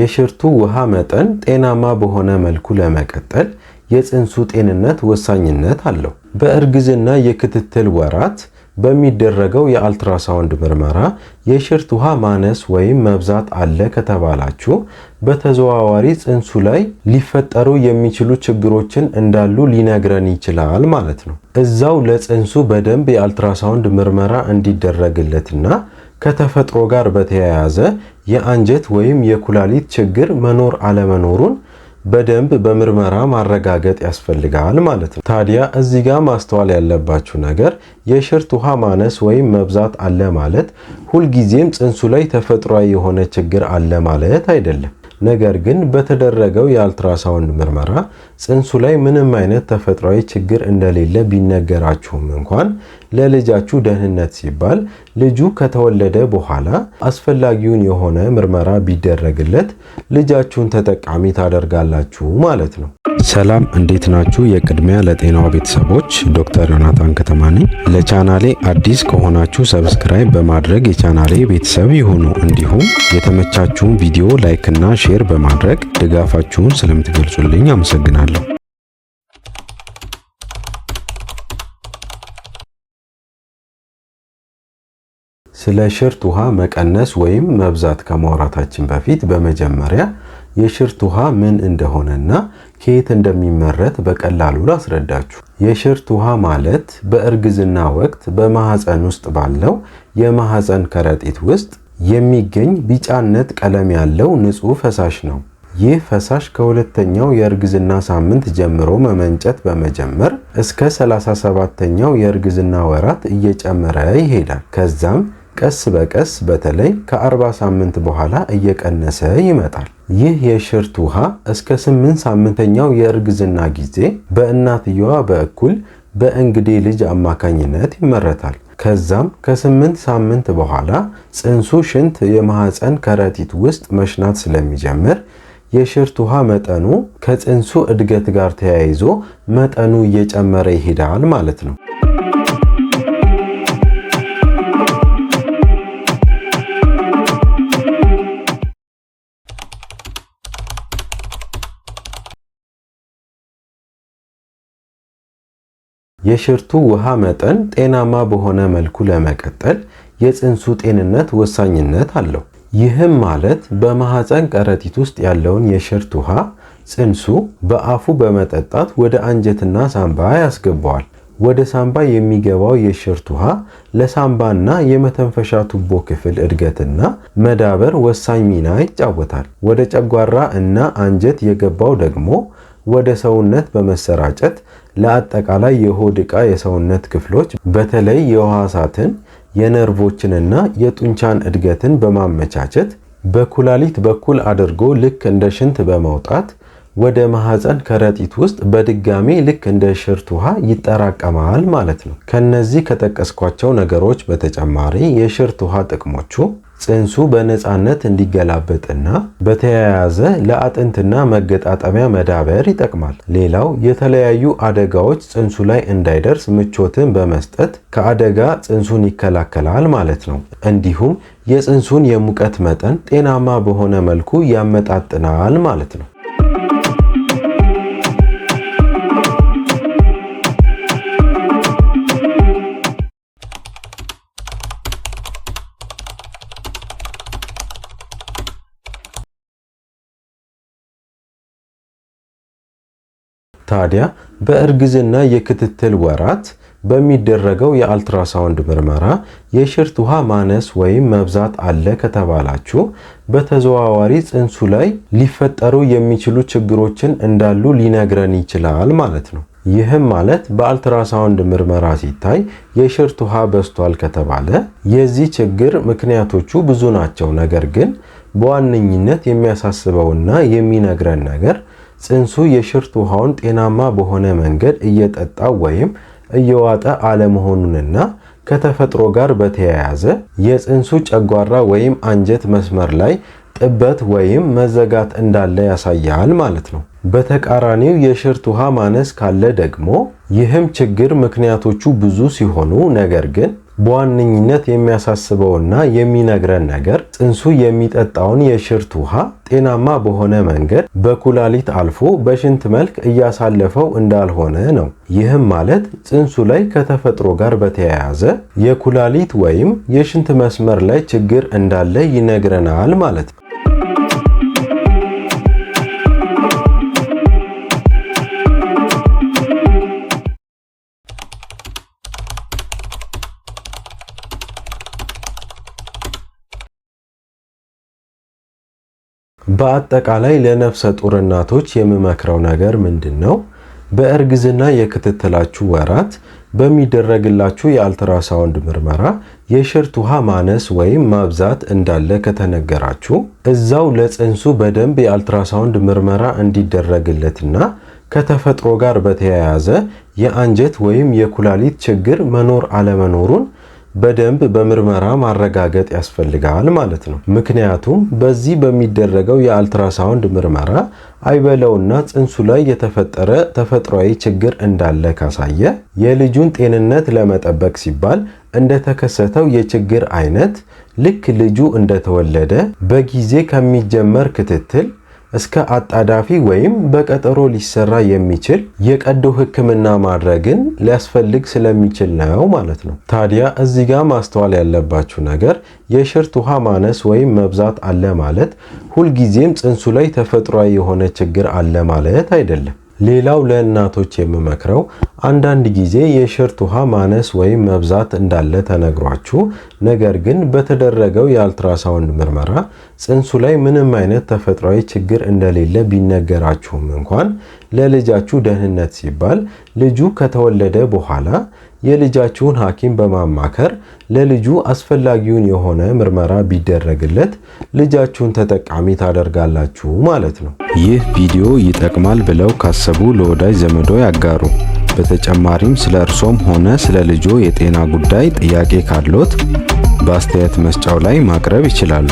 የሽርቱ ውሃ መጠን ጤናማ በሆነ መልኩ ለመቀጠል የፅንሱ ጤንነት ወሳኝነት አለው። በእርግዝና የክትትል ወራት በሚደረገው የአልትራሳውንድ ምርመራ የሽርት ውሃ ማነስ ወይም መብዛት አለ ከተባላችሁ በተዘዋዋሪ ፅንሱ ላይ ሊፈጠሩ የሚችሉ ችግሮችን እንዳሉ ሊነግረን ይችላል ማለት ነው። እዛው ለፅንሱ በደንብ የአልትራሳውንድ ምርመራ እንዲደረግለትና ከተፈጥሮ ጋር በተያያዘ የአንጀት ወይም የኩላሊት ችግር መኖር አለመኖሩን በደንብ በምርመራ ማረጋገጥ ያስፈልጋል ማለት ነው። ታዲያ እዚህ ጋር ማስተዋል ያለባችሁ ነገር የሽርት ውሃ ማነስ ወይም መብዛት አለ ማለት ሁልጊዜም ጽንሱ ላይ ተፈጥሯዊ የሆነ ችግር አለ ማለት አይደለም። ነገር ግን በተደረገው የአልትራሳውንድ ምርመራ ጽንሱ ላይ ምንም አይነት ተፈጥሯዊ ችግር እንደሌለ ቢነገራችሁም እንኳን ለልጃችሁ ደህንነት ሲባል ልጁ ከተወለደ በኋላ አስፈላጊውን የሆነ ምርመራ ቢደረግለት ልጃችሁን ተጠቃሚ ታደርጋላችሁ ማለት ነው። ሰላም እንዴት ናችሁ? የቅድሚያ ለጤናዋ ቤተሰቦች ዶክተር ዮናታን ከተማ ነኝ። ለቻናሌ አዲስ ከሆናችሁ ሰብስክራይብ በማድረግ የቻናሌ ቤተሰብ ይሁኑ። እንዲሁም የተመቻችሁን ቪዲዮ ላይክና ሼር በማድረግ ድጋፋችሁን ስለምትገልጹልኝ አመሰግናለሁ። ስለ ሽርት ውሃ መቀነስ ወይም መብዛት ከማውራታችን በፊት በመጀመሪያ የሽርት ውሃ ምን እንደሆነና ከየት እንደሚመረት በቀላሉ ላስረዳችሁ። የሽርት ውሃ ማለት በእርግዝና ወቅት በማህፀን ውስጥ ባለው የማህፀን ከረጢት ውስጥ የሚገኝ ቢጫነት ቀለም ያለው ንጹህ ፈሳሽ ነው። ይህ ፈሳሽ ከሁለተኛው የእርግዝና ሳምንት ጀምሮ መመንጨት በመጀመር እስከ 37ተኛው የእርግዝና ወራት እየጨመረ ይሄዳል። ከዛም ቀስ በቀስ በተለይ ከአርባ ሳምንት በኋላ እየቀነሰ ይመጣል። ይህ የሽርት ውሃ እስከ 8 ሳምንተኛው የእርግዝና ጊዜ በእናትየዋ በኩል በእንግዴ ልጅ አማካኝነት ይመረታል። ከዛም ከ ከ8 ሳምንት በኋላ ጽንሱ ሽንት የማህፀን ከረጢት ውስጥ መሽናት ስለሚጀምር የሽርት ውሃ መጠኑ ከጽንሱ እድገት ጋር ተያይዞ መጠኑ እየጨመረ ይሄዳል ማለት ነው። የሽርቱ ውሃ መጠን ጤናማ በሆነ መልኩ ለመቀጠል የፅንሱ ጤንነት ወሳኝነት አለው። ይህም ማለት በማህፀን ከረጢት ውስጥ ያለውን የሽርት ውሃ ፅንሱ በአፉ በመጠጣት ወደ አንጀትና ሳምባ ያስገባዋል። ወደ ሳምባ የሚገባው የሽርት ውሃ ለሳምባና የመተንፈሻ ቱቦ ክፍል እድገትና መዳበር ወሳኝ ሚና ይጫወታል። ወደ ጨጓራ እና አንጀት የገባው ደግሞ ወደ ሰውነት በመሰራጨት ለአጠቃላይ የሆድ ዕቃ የሰውነት ክፍሎች በተለይ የሕዋሳትን የነርቮችንና የጡንቻን እድገትን በማመቻቸት በኩላሊት በኩል አድርጎ ልክ እንደ ሽንት በመውጣት ወደ ማህፀን ከረጢት ውስጥ በድጋሚ ልክ እንደ ሽርት ውሃ ይጠራቀማል ማለት ነው። ከነዚህ ከጠቀስኳቸው ነገሮች በተጨማሪ የሽርት ውሃ ጥቅሞቹ ጽንሱ በነፃነት እንዲገላበጥና በተያያዘ ለአጥንትና መገጣጠሚያ መዳበር ይጠቅማል። ሌላው የተለያዩ አደጋዎች ጽንሱ ላይ እንዳይደርስ ምቾትን በመስጠት ከአደጋ ጽንሱን ይከላከላል ማለት ነው። እንዲሁም የጽንሱን የሙቀት መጠን ጤናማ በሆነ መልኩ ያመጣጥናል ማለት ነው። ታዲያ በእርግዝና የክትትል ወራት በሚደረገው የአልትራሳውንድ ምርመራ የሽርት ውሃ ማነስ ወይም መብዛት አለ ከተባላችሁ በተዘዋዋሪ ጽንሱ ላይ ሊፈጠሩ የሚችሉ ችግሮችን እንዳሉ ሊነግረን ይችላል ማለት ነው። ይህም ማለት በአልትራሳውንድ ምርመራ ሲታይ የሽርት ውሃ በዝቷል ከተባለ የዚህ ችግር ምክንያቶቹ ብዙ ናቸው። ነገር ግን በዋነኝነት የሚያሳስበውና የሚነግረን ነገር ፅንሱ የሽርት ውሃውን ጤናማ በሆነ መንገድ እየጠጣ ወይም እየዋጠ አለመሆኑንና ከተፈጥሮ ጋር በተያያዘ የፅንሱ ጨጓራ ወይም አንጀት መስመር ላይ ጥበት ወይም መዘጋት እንዳለ ያሳያል ማለት ነው። በተቃራኒው የሽርት ውሃ ማነስ ካለ ደግሞ ይህም ችግር ምክንያቶቹ ብዙ ሲሆኑ ነገር ግን በዋነኝነት የሚያሳስበውና የሚነግረን ነገር ጽንሱ የሚጠጣውን የሽርት ውሃ ጤናማ በሆነ መንገድ በኩላሊት አልፎ በሽንት መልክ እያሳለፈው እንዳልሆነ ነው። ይህም ማለት ጽንሱ ላይ ከተፈጥሮ ጋር በተያያዘ የኩላሊት ወይም የሽንት መስመር ላይ ችግር እንዳለ ይነግረናል ማለት ነው። በአጠቃላይ ለነፍሰ ጡር እናቶች የምመክረው ነገር ምንድን ነው? በእርግዝና የክትትላችሁ ወራት በሚደረግላችሁ የአልትራሳውንድ ምርመራ የሽርት ውሃ ማነስ ወይም ማብዛት እንዳለ ከተነገራችሁ እዛው ለጽንሱ በደንብ የአልትራሳውንድ ምርመራ እንዲደረግለትና ከተፈጥሮ ጋር በተያያዘ የአንጀት ወይም የኩላሊት ችግር መኖር አለመኖሩን በደንብ በምርመራ ማረጋገጥ ያስፈልጋል ማለት ነው። ምክንያቱም በዚህ በሚደረገው የአልትራሳውንድ ምርመራ አይበለውና ጽንሱ ላይ የተፈጠረ ተፈጥሯዊ ችግር እንዳለ ካሳየ የልጁን ጤንነት ለመጠበቅ ሲባል እንደተከሰተው የችግር አይነት ልክ ልጁ እንደተወለደ በጊዜ ከሚጀመር ክትትል እስከ አጣዳፊ ወይም በቀጠሮ ሊሰራ የሚችል የቀዶ ሕክምና ማድረግን ሊያስፈልግ ስለሚችል ነው ማለት ነው። ታዲያ እዚህ ጋር ማስተዋል ያለባችሁ ነገር የሽርት ውሃ ማነስ ወይም መብዛት አለ ማለት ሁልጊዜም ጽንሱ ላይ ተፈጥሯዊ የሆነ ችግር አለ ማለት አይደለም። ሌላው ለእናቶች የምመክረው አንዳንድ ጊዜ የሽርት ውሃ ማነስ ወይም መብዛት እንዳለ ተነግሯችሁ፣ ነገር ግን በተደረገው የአልትራሳውንድ ምርመራ ጽንሱ ላይ ምንም አይነት ተፈጥሯዊ ችግር እንደሌለ ቢነገራችሁም እንኳን ለልጃችሁ ደህንነት ሲባል ልጁ ከተወለደ በኋላ የልጃችሁን ሐኪም በማማከር ለልጁ አስፈላጊውን የሆነ ምርመራ ቢደረግለት ልጃችሁን ተጠቃሚ ታደርጋላችሁ ማለት ነው። ይህ ቪዲዮ ይጠቅማል ብለው ካሰቡ ለወዳጅ ዘመዶ ያጋሩ። በተጨማሪም ስለ እርሶም ሆነ ስለ ልጆ የጤና ጉዳይ ጥያቄ ካሎት በአስተያየት መስጫው ላይ ማቅረብ ይችላሉ።